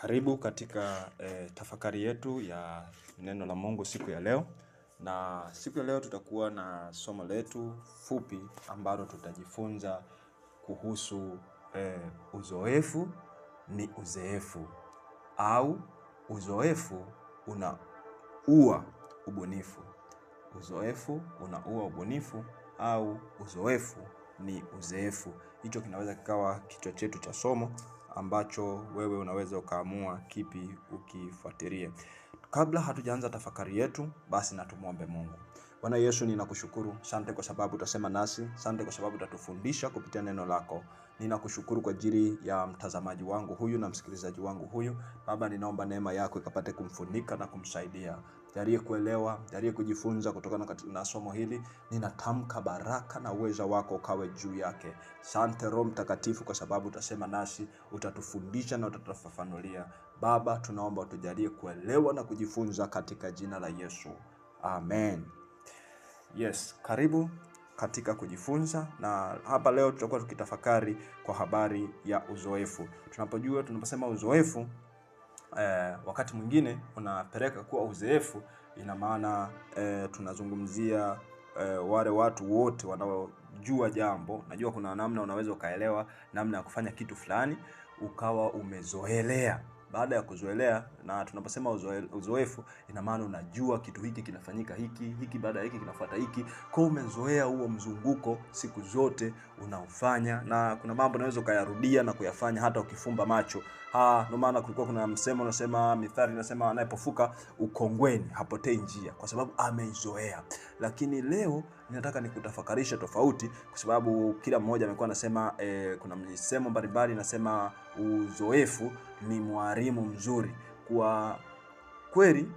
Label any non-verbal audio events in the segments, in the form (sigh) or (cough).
Karibu katika eh, tafakari yetu ya neno la Mungu siku ya leo. Na siku ya leo tutakuwa na somo letu fupi ambalo tutajifunza kuhusu eh, uzoefu ni uzeefu au uzoefu unaua ubunifu. Uzoefu unaua ubunifu au uzoefu ni uzeefu. Hicho kinaweza kikawa kichwa chetu cha somo ambacho wewe unaweza ukaamua kipi ukifuatilie. Kabla hatujaanza tafakari yetu, basi na Mungu. Bwana Yesu, ninakushukuru. Sante kwa sababu utasema nasi. Sante kwa sababu utatufundisha kupitia neno lako. Ninakushukuru kwa ajili ya mtazamaji wangu huyu na msikilizaji wangu huyu. Baba, ninaomba neema yako ikapate kumfunika na kumsaidia. Jalie kuelewa, jalie kujifunza kutokana na somo hili. Ninatamka baraka na uweza wako ukawe juu yake. Sante Roho Mtakatifu kwa sababu utasema nasi, utatufundisha na utatufafanulia. Baba, tunaomba utujalie kuelewa na kujifunza katika jina la Yesu. Amen. Yes, karibu katika kujifunza na hapa leo tutakuwa tukitafakari kwa habari ya uzoefu. Tunapojua tunaposema uzoefu eh, wakati mwingine unapeleka kuwa uzoefu, ina maana eh, tunazungumzia eh, wale watu wote wanaojua jambo. Najua kuna namna unaweza ukaelewa namna ya kufanya kitu fulani ukawa umezoelea baada ya kuzoelea, na tunaposema uzoefu, ina maana unajua kitu hiki kinafanyika hiki hiki, baada ya hiki kinafuata hiki, kwa umezoea huo mzunguko siku zote unaofanya, na kuna mambo unaweza ukayarudia na kuyafanya hata ukifumba macho. Ndio maana kulikuwa kuna msemo unasema, mithari unasema anayepofuka ukongweni hapotei njia, kwa sababu ameizoea. Lakini leo ninataka nikutafakarisha tofauti, kwa sababu kila mmoja amekuwa anasema eh, kuna msemo mbalimbali nasema uzoefu ni mwalimu mzuri. Kwa kweli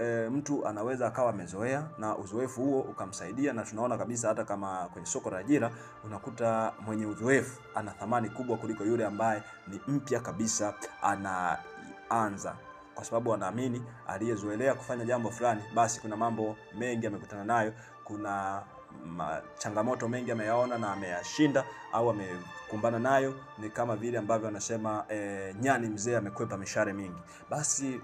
e, mtu anaweza akawa amezoea na uzoefu huo ukamsaidia, na tunaona kabisa hata kama kwenye soko la ajira unakuta mwenye uzoefu ana thamani kubwa kuliko yule ambaye ni mpya kabisa anaanza, kwa sababu anaamini aliyezoelea kufanya jambo fulani, basi kuna mambo mengi amekutana nayo, kuna changamoto mengi ameyaona na ameyashinda au amekumbana nayo. Ni kama vile ambavyo anasema e, nyani mzee amekwepa mishare mingi. Basi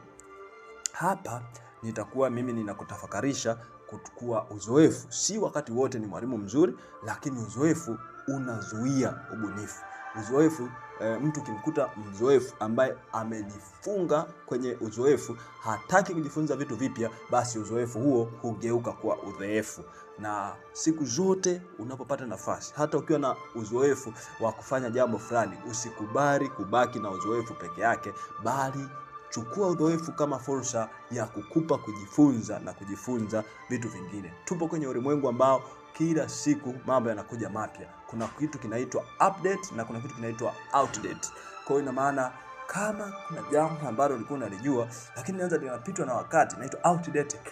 hapa nitakuwa mimi ninakutafakarisha kuchukua uzoefu. Si wakati wote ni mwalimu mzuri, lakini uzoefu unazuia ubunifu. Uzoefu e, mtu ukimkuta mzoefu ambaye amejifunga kwenye uzoefu, hataki kujifunza vitu vipya, basi uzoefu huo hugeuka kuwa udhaifu. Na siku zote unapopata nafasi, hata ukiwa na uzoefu wa kufanya jambo fulani, usikubali kubaki na uzoefu peke yake, bali chukua udhoefu kama fursa ya kukupa kujifunza na kujifunza vitu vingine. Tupo kwenye ulimwengu ambao kila siku mambo yanakuja mapya. Kuna kitu kinaitwa update na kuna kitu kinaitwa outdate. Kwa hiyo ina maana kama kuna jambo ambalo ulikuwa unalijua lakini naanza linapitwa na wakati, inaitwa outdate. (coughs)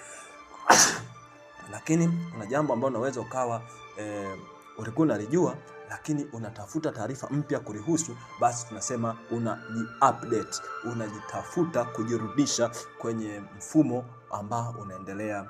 Lakini kuna jambo ambalo unaweza ukawa eh, ulikuwa unalijua lakini unatafuta taarifa mpya kulihusu, basi tunasema update, unajitafuta kujirudisha kwenye mfumo ambao unaendelea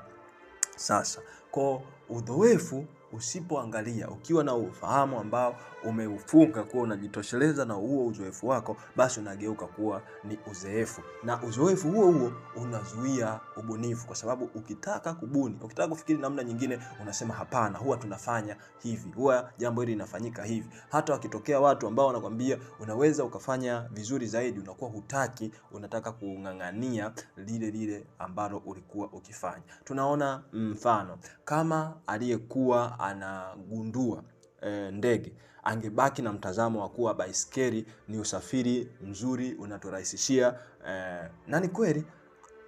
sasa. Kwa udhoefu usipoangalia, ukiwa na ufahamu ambao umeufunga kuwa unajitosheleza na huo uzoefu wako, basi unageuka kuwa ni uzeefu, na uzoefu huo huo unazuia ubunifu, kwa sababu ukitaka kubuni, ukitaka kufikiri namna nyingine, unasema hapana, huwa tunafanya hivi, huwa jambo hili linafanyika hivi. Hata wakitokea watu ambao wanakwambia unaweza ukafanya vizuri zaidi, unakuwa hutaki, unataka kung'ang'ania lile lile ambalo ulikuwa ukifanya. Tunaona mfano kama aliyekuwa anagundua e, ndege angebaki na mtazamo wa kuwa baiskeli ni usafiri mzuri unaturahisishia e, eh, na ni kweli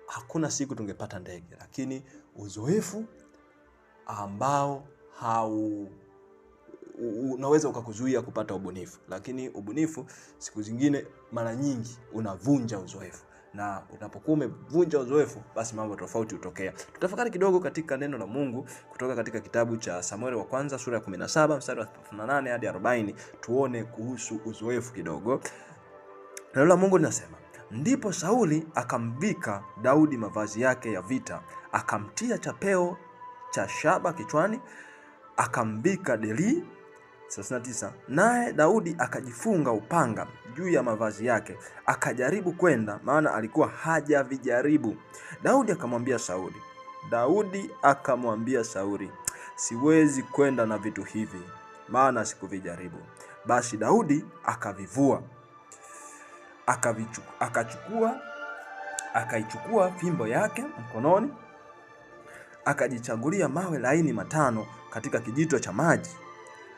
hakuna siku tungepata ndege, lakini uzoefu ambao hau unaweza ukakuzuia kupata ubunifu, lakini ubunifu siku zingine mara nyingi unavunja uzoefu na unapokuwa umevunja uzoefu, basi mambo tofauti hutokea. Tutafakari kidogo katika neno la Mungu kutoka katika kitabu cha Samueli wa kwanza sura ya 17 mstari wa 38 hadi 40, tuone kuhusu uzoefu kidogo. Neno la Mungu linasema Ndipo Sauli akamvika Daudi mavazi yake ya vita, akamtia chapeo cha shaba kichwani, akamvika delii. 39 Naye Daudi akajifunga upanga juu ya mavazi yake, akajaribu kwenda, maana alikuwa hajavijaribu. Daudi akamwambia Sauli, Daudi akamwambia Sauli, siwezi kwenda na vitu hivi, maana sikuvijaribu. Basi Daudi akavivua, akavichukua, akachukua, akaichukua fimbo yake mkononi, akajichagulia mawe laini matano katika kijito cha maji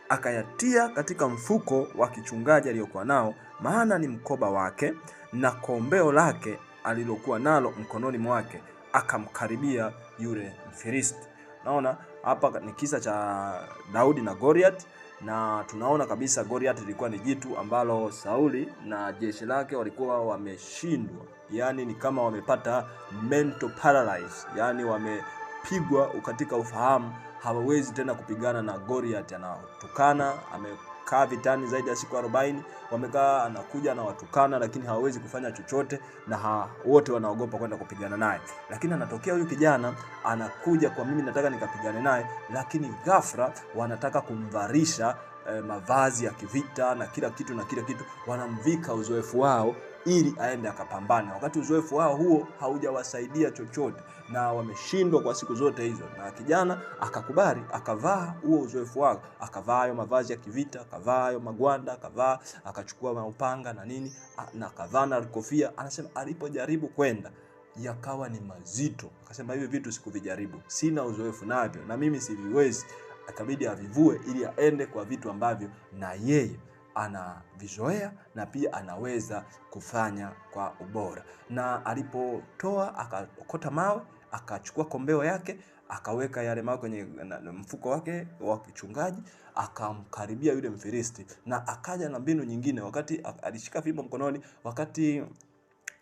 akayatia katika mfuko wa kichungaji aliyokuwa nao, maana ni mkoba wake, na kombeo lake alilokuwa nalo mkononi mwake, akamkaribia yule Mfilisti. Naona hapa ni kisa cha Daudi na Goliath, na tunaona kabisa Goliath ilikuwa ni jitu ambalo Sauli na jeshi lake walikuwa wameshindwa, yaani ni kama wamepata mental paralysis, yaani wamepigwa katika ufahamu hawawezi tena kupigana na Goliath anatukana, amekaa vitani zaidi ya siku 40, wamekaa anakuja anawatukana, lakini hawawezi kufanya chochote na ha, wote wanaogopa kwenda kupigana naye. Lakini anatokea huyu kijana anakuja kwa mimi, nataka nikapigane naye, lakini ghafla wanataka kumvarisha eh, mavazi ya kivita na kila kitu na kila kitu, wanamvika uzoefu wao ili aende akapambana, wakati uzoefu wao huo haujawasaidia chochote na wameshindwa kwa siku zote hizo. Na kijana akakubali, akavaa huo uzoefu wao, akavaa hayo mavazi ya kivita, akavaa hayo magwanda, akavaa akachukua maupanga na nini na akavaa na kofia. Anasema alipojaribu kwenda yakawa ni mazito, akasema hivi vitu sikuvijaribu, sina uzoefu navyo na mimi siviwezi. Akabidi avivue ili aende kwa vitu ambavyo na yeye anavizoea na pia anaweza kufanya kwa ubora. Na alipotoa akaokota mawe, akachukua kombeo yake, akaweka yale mawe kwenye mfuko wake wa kichungaji, akamkaribia yule Mfilisti na akaja na mbinu nyingine, wakati alishika fimbo mkononi, wakati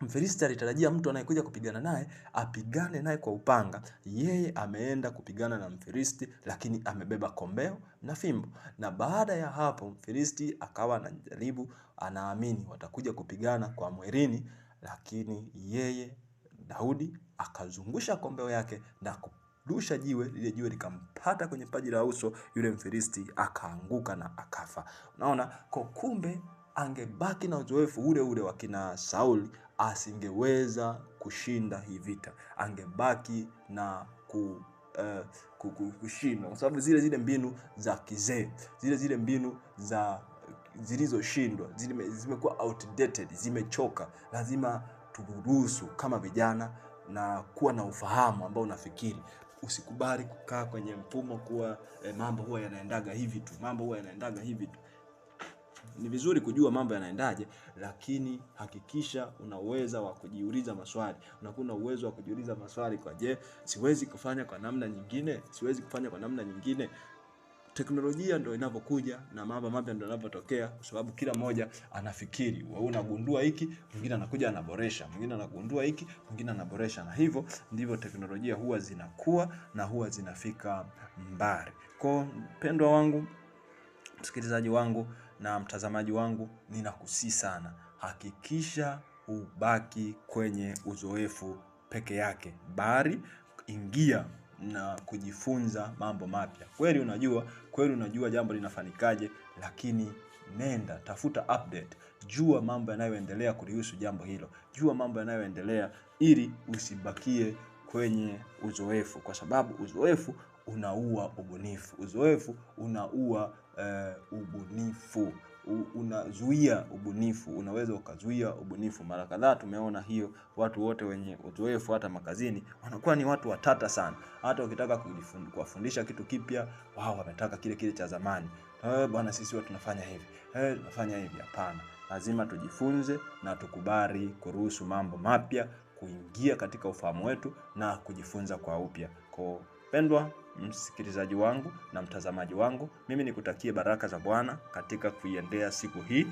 Mfilisti alitarajia mtu anayekuja kupigana naye apigane naye kwa upanga. Yeye ameenda kupigana na Mfilisti, lakini amebeba kombeo na fimbo. Na baada ya hapo, Mfilisti akawa anajaribu, anaamini watakuja kupigana kwa mwerini, lakini yeye Daudi akazungusha kombeo yake na kurusha jiwe. Lile jiwe likampata kwenye paji la uso, yule Mfilisti akaanguka na akafa. Unaona, kwa kumbe angebaki na uzoefu ule ule wa kina Sauli, asingeweza kushinda hii vita, angebaki na ku uh, kushindwa kwa sababu zile zile mbinu za kizee, zile zile mbinu za zilizoshindwa zimekuwa outdated, zimechoka. Lazima turuhusu kama vijana na kuwa na ufahamu ambao unafikiri usikubali kukaa kwenye mfumo kuwa eh, mambo huwa yanaendaga hivi tu, mambo huwa yanaendaga hivi tu ni vizuri kujua mambo yanaendaje, lakini hakikisha una uwezo wa kujiuliza maswali. Unakuwa na uwezo wa kujiuliza maswali kwa je, siwezi kufanya kwa namna nyingine? Siwezi kufanya kwa namna nyingine? Teknolojia ndo inavyokuja na mambo mapya ndio yanavyotokea, kwa sababu kila mmoja anafikiri. Wewe unagundua hiki, mwingine anakuja anaboresha, mwingine anagundua hiki, mwingine anaboresha, na hivyo ndivyo teknolojia huwa zinakuwa na huwa zinafika mbali. Kwa mpendwa wangu, msikilizaji wangu na mtazamaji wangu, ninakusii sana, hakikisha hubaki kwenye uzoefu peke yake, bali ingia na kujifunza mambo mapya. Kweli unajua, kweli unajua jambo linafanikaje, lakini nenda tafuta update, jua mambo yanayoendelea kulihusu jambo hilo, jua mambo yanayoendelea ili usibakie kwenye uzoefu, kwa sababu uzoefu unaua ubunifu, uzoefu unaua uh, ubunifu unazuia ubunifu, unaweza ukazuia ubunifu. Mara kadhaa tumeona hiyo, watu wote wenye uzoefu hata makazini wanakuwa ni watu watata sana. Hata ukitaka kuwafundisha kitu kipya, wao wametaka kile kile cha zamani. Eh, bwana, sisi huwa tunafanya hivi, eh, tunafanya hivi. Hapana, lazima tujifunze na tukubali kuruhusu mambo mapya kuingia katika ufahamu wetu na kujifunza kwa upya. Kwa pendwa msikilizaji wangu na mtazamaji wangu, mimi nikutakie baraka za Bwana katika kuiendea siku hii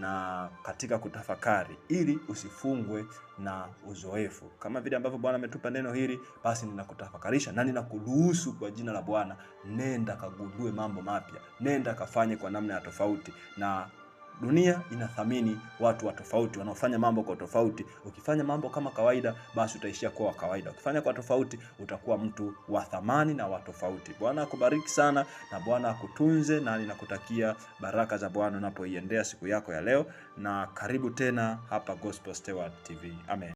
na katika kutafakari, ili usifungwe na uzoefu. Kama vile ambavyo Bwana ametupa neno hili, basi ninakutafakarisha na ninakuruhusu kwa jina la Bwana, nenda kagundue mambo mapya, nenda kafanye kwa namna ya tofauti na Dunia inathamini watu wa tofauti wanaofanya mambo kwa tofauti. Ukifanya mambo kama kawaida, basi utaishia kuwa wa kawaida. Ukifanya kwa tofauti, utakuwa mtu wa thamani na wa tofauti. Bwana akubariki sana na Bwana akutunze, na ninakutakia baraka za Bwana unapoiendea siku yako ya leo, na karibu tena hapa Gospel Steward TV. Amen.